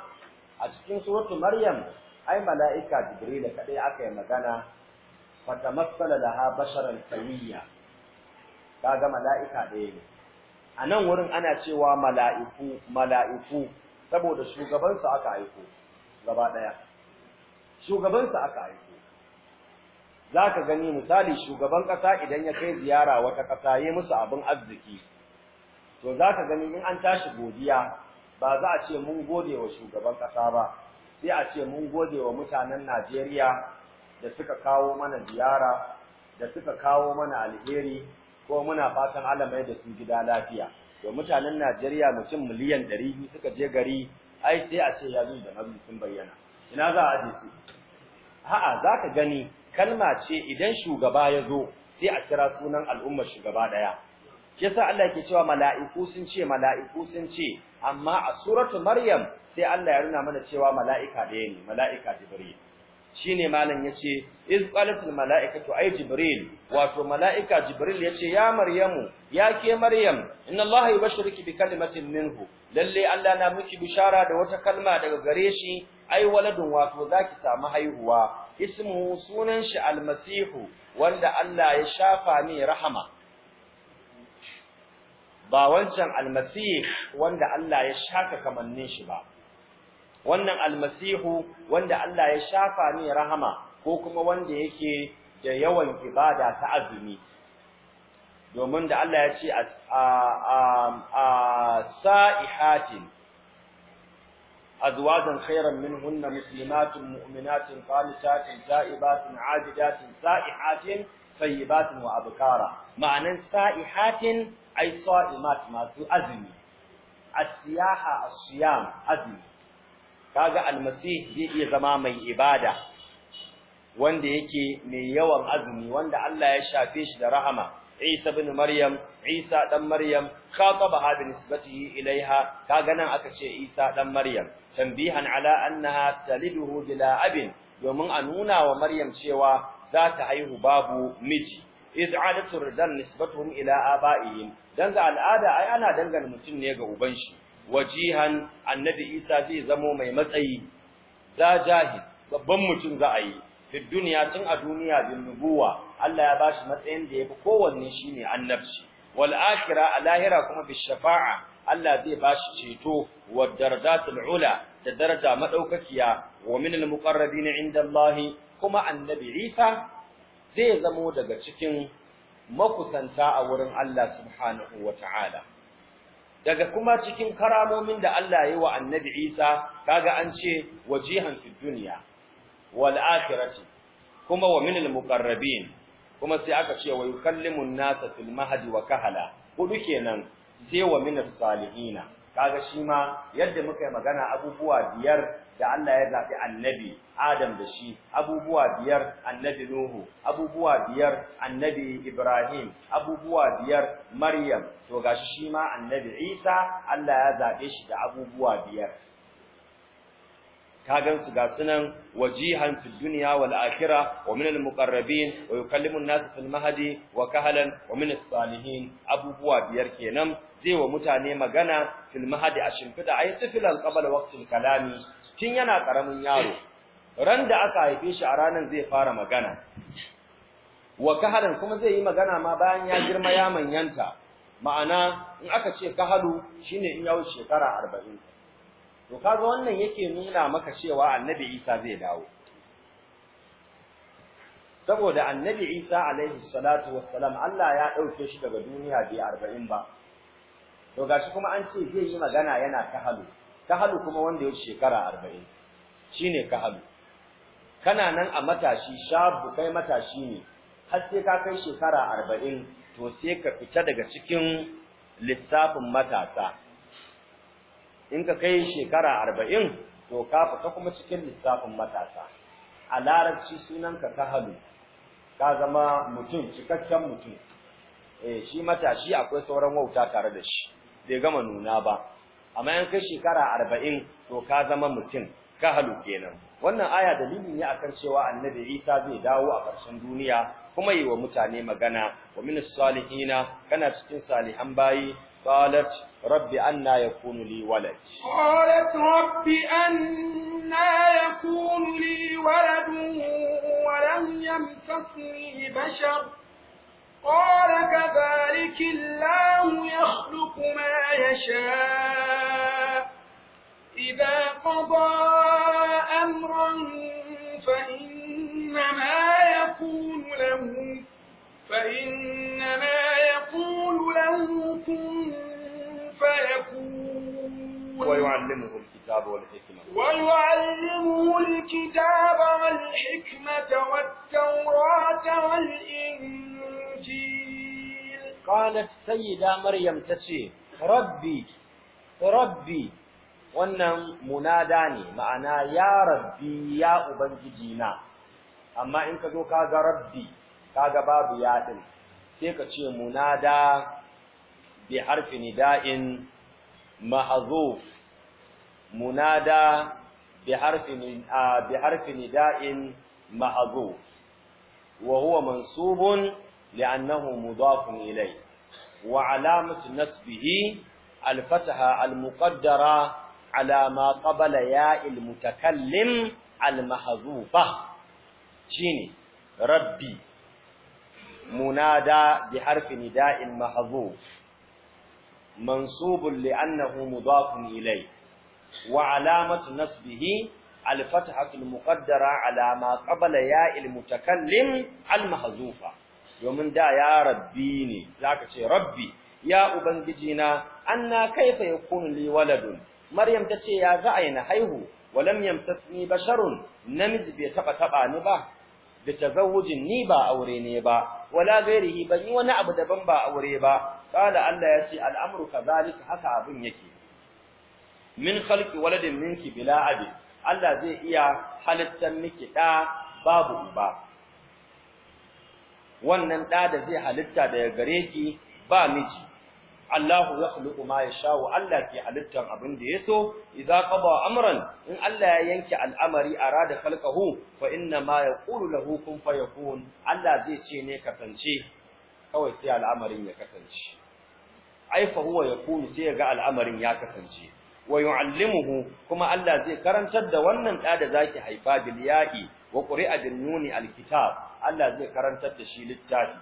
أشكين سورة مريم أي ملائكة جبريل jibril kadai aka da tamassala laha basharan sawiyya kaga mala'ika ɗaya ne a nan wurin ana cewa mala'iku mala'iku saboda shugabansu aka aiko gaba ɗaya shugabansu aka aiko za ka gani misali shugaban ƙasa idan ya kai ziyara wata ƙasa ya musu abin arziki to za ka gani in an tashi godiya ba za a ce mun gode wa shugaban ƙasa ba sai a ce mun gode wa mutanen Najeriya da suka kawo mana ziyara da suka kawo mana alheri ko muna fatan Allah mai da su gida lafiya to mutanen Najeriya mutum miliyan 200 suka je gari ai sai a ce ya da nabi sun bayyana ina za a je su a'a zaka gani kalma ce idan shugaba ya zo sai a kira sunan al'ummar shugaba daya shi yasa Allah yake cewa mala'iku sun ce mala'iku sun ce amma a suratu maryam sai Allah ya nuna mana cewa mala'ika ɗaya ne mala'ika jibril shine malam yace iz qalatul malaikatu ay jibril wato malaika jibril yace ya maryamu ya ke maryam inna allaha yubashshiruki bi kalimatin minhu lalle allah na miki bishara da wata kalma daga gare shi ai waladun wato zaki samu haihuwa ismu sunan shi almasihu wanda allah ya shafa ni rahama ba wancan almasih wanda allah ya shaka kamannin shi ba wannan almasihu wanda Allah ya shafa mai rahama ko kuma wanda yake da yawan ibada ta azumi domin da Allah ya ce a a sa'ihatin azwajan khairan minhunna muslimatun mu'minatin qanitatin ta'ibatin 'abidatin sa'ihatin sayyibatin wa abkara ma'anan sa'ihatin ay sa'imat masu azumi as-siyaha azumi kaga almasih zai iya zama mai ibada wanda yake mai yawan azumi wanda Allah ya shafe shi da rahama Isa ibn Maryam Isa dan Maryam khatabaha bi nisbatihi ilaiha kaga nan aka ce Isa dan Maryam tanbihan ala annaha taliduhu bila abin domin a nuna wa Maryam cewa za ta haihu babu miji iz adatu ridan nisbatuhum ila abaihim danga al'ada ai ana dangana mutum ne ga uban shi wajihan annabi Isa zai zamo mai matsayi za jahil babban mutum za a yi duk duniya tun a duniya bin nubuwa Allah ya bashi matsayin da yafi kowanne shine annabci wal akhirah a lahira kuma bi shafa'a Allah zai bashi ceto wa darajatul ula da daraja madaukakiya wa min al muqarrabin inda Allah kuma annabi Isa zai zamo daga cikin makusanta a wurin Allah subhanahu wa ta'ala daga kuma cikin karamomin da Allah ya yi wa Annabi Isa kaga an ce wajihan fid dunya wal akhirati kuma wa minal muqarrabin kuma sai aka ce wa yukallimun nasa fil mahdi wa kahala hudu kenan sai wa minas salihina kaga shi ma yadda muka yi magana abubuwa biyar da Allah ya zaɓi annabi Adam da shi abubuwa biyar annabi Nuhu abubuwa biyar annabi Ibrahim abubuwa biyar Maryam to gashi shi ma annabi Isa Allah ya zaɓe shi da abubuwa biyar kagan su ga sunan wajihan fi dunya wal akhira wa min al muqarrabin wa yukallimu an-nas fil mahdi wa kahalan wa min as-salihin abubuwa biyar kenan zai wa mutane magana fil mahadi a shimfida ay tiflan qabla waqtil kalami tun yana karamin yaro ran da aka haife shi a ranan zai fara magana wa kahalan kuma zai yi magana ma bayan ya girma ya manyanta ma'ana in aka ce kahalu shine in ya wuce shekara 40 to kaga wannan yake nuna maka cewa annabi Isa zai dawo saboda annabi Isa alaihi salatu wassalam Allah ya dauke shi daga duniya bi 40 ba to gashi kuma an ce zai yi magana yana kahalu kahalu kuma wanda ya shekara arba'in shine kahalu kana nan a matashi shabu kai matashi ne har sai ka kai shekara arba'in to sai ka fita daga cikin lissafin matasa in ka kai shekara arba'in to ka fita kuma cikin lissafin matasa a larabci sunanka kahalu ka zama mutum cikakken mutum eh shi matashi akwai sauran wauta tare da shi bai gama nuna ba amma yan kai shekara arba'in to ka zama mutum ka halu kenan wannan aya dalili ne akan cewa annabi Isa zai dawo a ƙarshen duniya kuma yi wa mutane magana wa min salihina kana cikin salihan bayi rabbi anna yakunu li walad qalat rabbi anna yakunu li walad wa lam yamtasni bashar قال كذلك الله يخلق ما يشاء إذا قضى أمرا فإنما يكون له فإنما يقول له كن فيكون ويعلمه الكتاب والحكمة ويعلمه الكتاب والحكمة والتوراة والإنجيل qalat sayyida maryam tace rabbi rabbi wannan munada ne ma'ana ya rabbi ya ubangiji na amma in ka zo ka ga rabbi ka ga babu ya din sai ka ce munada bi harfi nida'in mahzuf munada bi harfi bi harfi nida'in mahzuf wa huwa mansubun لأنه مضاف إليه وعلامة نسبه الفتحة المقدرة على ما قبل ياء المتكلم المحذوفة شيني ربي منادى بحرف نداء محذوف منصوب لأنه مضاف إليه وعلامة نصبه الفتحة المقدرة على ما قبل ياء المتكلم المحذوفة domin da ya rabbi ne zaka ce rabbi ya ubangiji na anna kaifa yakunu li waladun maryam ce ya za a yi na haihu walam yamtasni basharun namiji bai taba taba ni ba da tazawujin ni ba aure ne ba wala gairihi ban yi wani abu daban ba aure ba qala Allah ya ce al'amru kadhalika haka abin yake min khalqi waladin minki bila abi Allah zai iya halittar miki da babu uba wannan ɗa da zai halitta daga gare ki ba miji Allahu ya khluqu ma yasha'u Allah ke halittar abin da yaso idza qada amran in Allah ya yanke al'amari arada khalqahu fa inna ma yaqulu lahu kun fayakun Allah zai ce ne kasance kawai sai al'amarin ya kasance ai fa huwa yakunu sai ga al'amarin ya kasance wa yu'allimuhu kuma Allah zai karantar da wannan ɗa da zaki haifa bil ya'i wa a bin nuni alkitab Allah zai karantar da shi littafi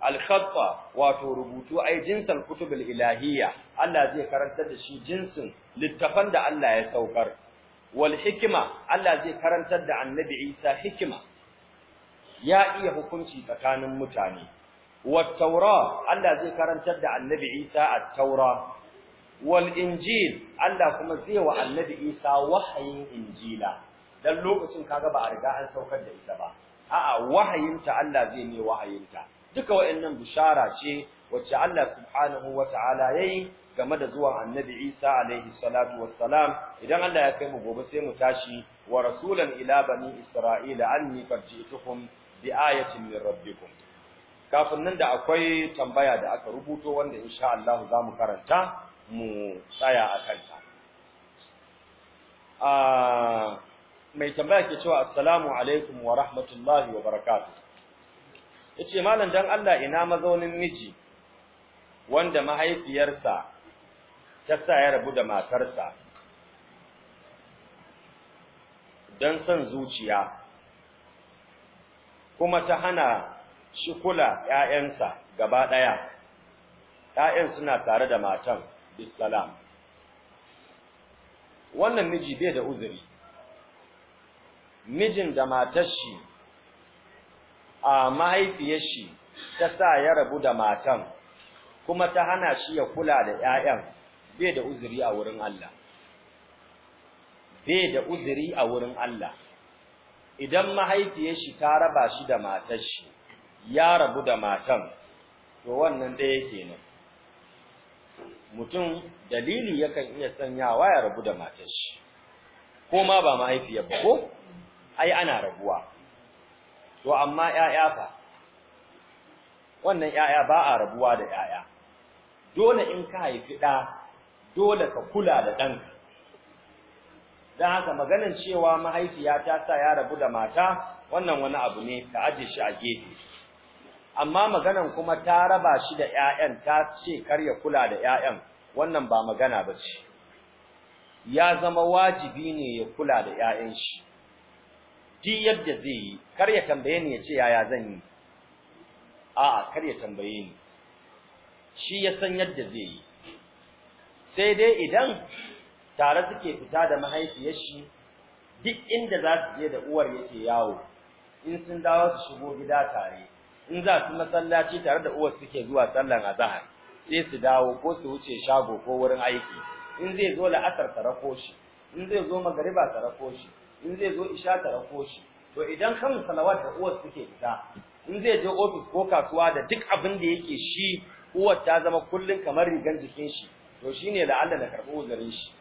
alkhatta wato rubutu ai jinsan kutubul ilahiyya Allah zai karantar da shi jinsin littafan da Allah ya saukar wal hikima Allah zai karantar da annabi Isa hikima ya iya hukunci tsakanin mutane wat taura Allah zai karantar da annabi Isa at-taura wal injil Allah kuma zai wa annabi Isa wahayin injila dan lokacin kaga ba a riga an saukar da ita ba a'a wahayinta Allah zai ne wahayinta duka wayannan bishara ce wacce Allah subhanahu wataala yayi game da zuwan Annabi Isa alaihi salatu wassalam idan Allah ya kai mu gobe sai mu tashi wa rasulan ila bani isra'ila anni qad bi ayatin min rabbikum kafin nan da akwai tambaya da aka rubuto wanda insha Allah za mu karanta mu tsaya a kanta ah, mai tambaya ke cewa assalamu alaikum wa rahmatullahi wa barakatuh yace malam dan Allah ina mazaunin miji wanda mahaifiyarsa ta sa ya rabu da matarsa dan son zuciya kuma ta hana shi kula ƴaƴansa gaba ɗaya ƴaƴan suna tare da matan bisalam wannan miji bai da uzuri mijin da matar shi a mahaifiyar shi ta sa ya rabu da matan kuma ta hana shi ya kula da 'ya'yan bai da uzuri a wurin Allah bai da uzuri a wurin Allah idan mahaifiyar shi ta raba shi da matar shi ya rabu da matan to wannan ɗaya kenan mutum dalili yakan iya sanya wa ya rabu da matar shi ko ma ba mahaifiyar ba ko ai ana rabuwa to amma ƴaƴa fa wannan 'ya'ya ba a rabuwa da 'ya'ya. dole in ka haifi ɗa dole ka kula da ɗanka dan haka maganar cewa mahaifiya ta sa ya rabu da mata wannan wani abu ne ka aje shi a gefe amma maganan kuma ta raba shi da 'ya'yan ta ce kar ya kula da 'ya'yan, wannan ba magana ba ce ya zama wajibi ne ya kula da 'ya'yan shi duk yadda zai yi kar ya tambaye ni ya ce yaya zan yi a'a kar ya tambaye ni shi ya san yadda zai yi sai dai idan tare suke fita da mahaifiyar shi duk inda za su je da uwar yake yawo in sun dawo su shigo gida tare in za su masallaci tare da uwar suke zuwa sallan azahar sai su dawo ko su wuce shago ko wurin aiki in zai zo la'asar ta rako shi in zai zo magariba ta shi in zai zo isha ta rako shi to idan kan salawat da uwar suke fita in zai je ofis ko kasuwa da duk abin da yake shi uwar ta zama kullun kamar rigan jikin shi to shine la'alla na karɓo garin shi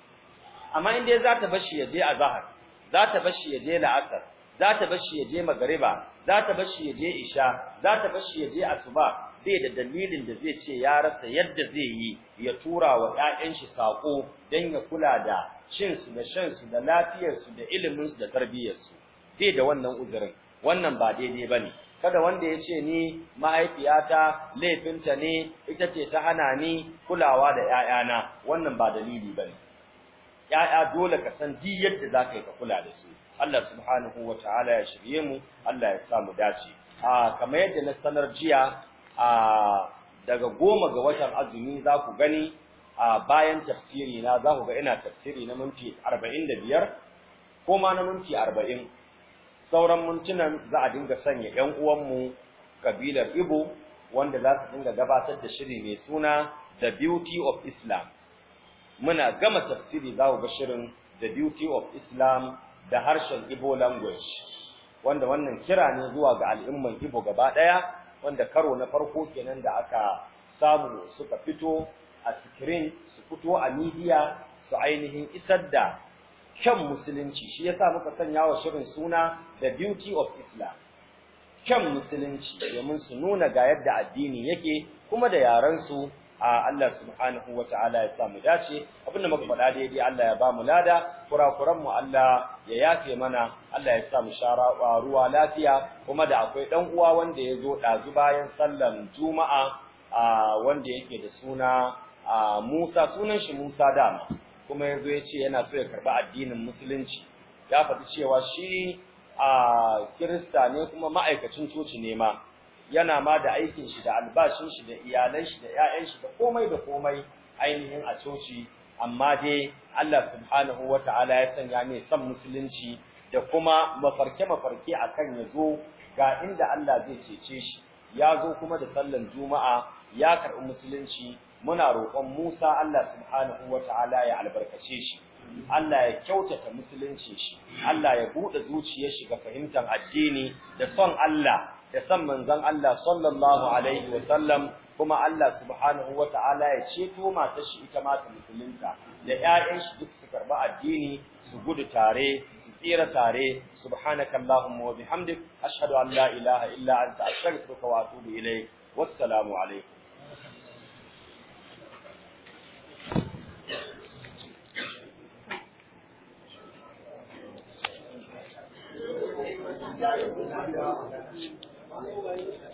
amma in dai za ta bashi ya je zahar, za ta bashi ya je la'asar za ta bashi ya je magariba za ta bashi ya je isha za ta bashi ya je asuba bai da dalilin da zai ce ya rasa yadda zai yi ya tura wa ƴaƴan shi sako dan ya kula da cin su da shan su da lafiyar su da ilimin su da tarbiyyar su da wannan uzurin wannan ba daidai bane kada wanda ya ce ni mahaifiyata laifinta ne ita ce ta hana ni kulawa da 'ya'yana, wannan ba dalili bane 'Ya'ya dole ka san ji yadda za ka yi ka kula da su Allah subhanahu wa ta'ala ya shirye mu Allah ya sa mu dace a kamar yadda na sanar jiya a daga goma ga watan azumi za ku gani a bayan tafsiri na za ku ga ina tafsiri na minti biyar ko ma na minti arba'in, sauran mintunan za a dinga sanya ƴan uwanmu kabilar Ibo wanda za su dinga gabatar da shiri mai suna The Beauty of Islam muna gama tafsiri za ku ga shirin The Beauty of Islam da harshen Ibo language wanda wannan kira ne zuwa ga al'umman Ibo gaba ɗaya wanda karo na farko kenan da aka samu suka fito a screen su fito a media su ainihin isar da kyan musulunci shi yasa muka sanya wa shirin suna the beauty of islam kyan musulunci domin su nuna ga yadda addini yake kuma da yaran su a Allah subhanahu wa ta'ala ya samu dace abinda muka faɗa daidai Allah ya ba mu lada kurakuran mu Allah ya yafe mana Allah ya sa mu shara ruwa lafiya kuma da akwai dan uwa wanda ya zo ɗazu bayan sallan juma'a wanda yake da suna a Musa sunan shi Musa dama kuma zo ya ce yana so ya karba addinin musulunci ya faɗi cewa shi a Kirista ne kuma ma'aikacin coci ne ma yana ma da aikin shi da albashin shi da iyalan shi da ƴaƴan shi da komai da komai ainihin a coci amma dai Allah subhanahu wata'ala ya sanya mai son musulunci da kuma mafarke mafarke akan ya zo ga inda Allah zai cece shi ya zo kuma da sallan juma'a ya karɓi musulunci muna roƙon Musa Allah subhanahu wataala ya albarkace shi Allah ya kyautata musulunci shi Allah ya bude zuciyar shi ga fahimtar addini da son Allah da son manzon Allah sallallahu alaihi wa sallam kuma Allah subhanahu wataala ya ceto matar shi ita ma ta musulunta da ƴaƴan shi duk su karba addini su gudu tare su tsira tare subhanakallahumma wa bihamdik ashhadu an la ilaha illa anta astaghfiruka wa atubu ilaik wassalamu alaikum Thank you.